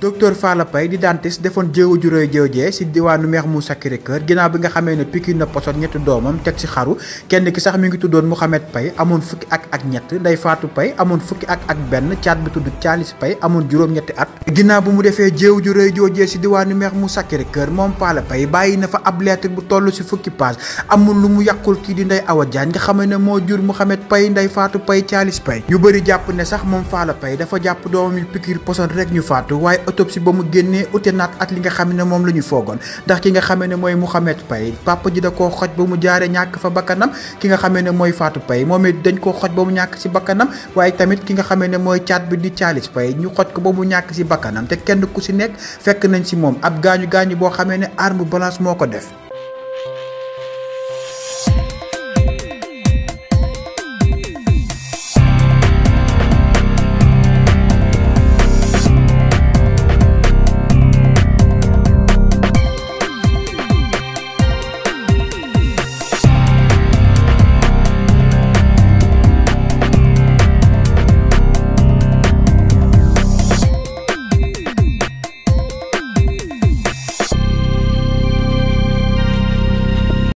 docteur Falla Paye di dentiste defoon jéego ju rëy joojee si diwaanu Mermoz Sacré-Cœur ginnaaw bi nga xamee ne piqûre na poson ñetti doomam teg si xaru kenn ki sax mi ngi tuddoon Mouhamed Paye amoon fukki at ak ñett Ndeye Fatou Paye amoon fukki at ak benn caat bi tudd Thialis Paye at ginnaaw bu mu defee jéego ju rëy joojee si diwaanu Mermoz Sacré-Cœur moom Falla Paye bàyyi na fa ab lettre bu toll si fukki page amul lu mu yàqul kii di Ndeye Awa Diagne nga xamee ne moo jur Mouhamed pay Ndeye faatu pay caalis pay ñu bëri jàpp ne sax moom Falla Paye dafa jàpp doomam yi piqûre poson rek ñu faatu waaye autopsie ba mu génnee ute naat ak li nga xam ne moom la ñu foogoon ndax ki nga xamee ne mooy Mouhamed Paye papa ji da koo xoj ba mu jaaree ñàkk fa bakkanam ki nga xamee ne mooy Fatou pay moom it dañ koo xoj ba mu ñàkk si bakkanam waaye tamit ki nga xamee ne mooy caat bi di Thialis pay ñu xoj ko ba mu ñàkk si bakkanam te kenn ku si nekk fekk nañ si moom ab gaañu gaañu boo xamee ne arme balance moo ko def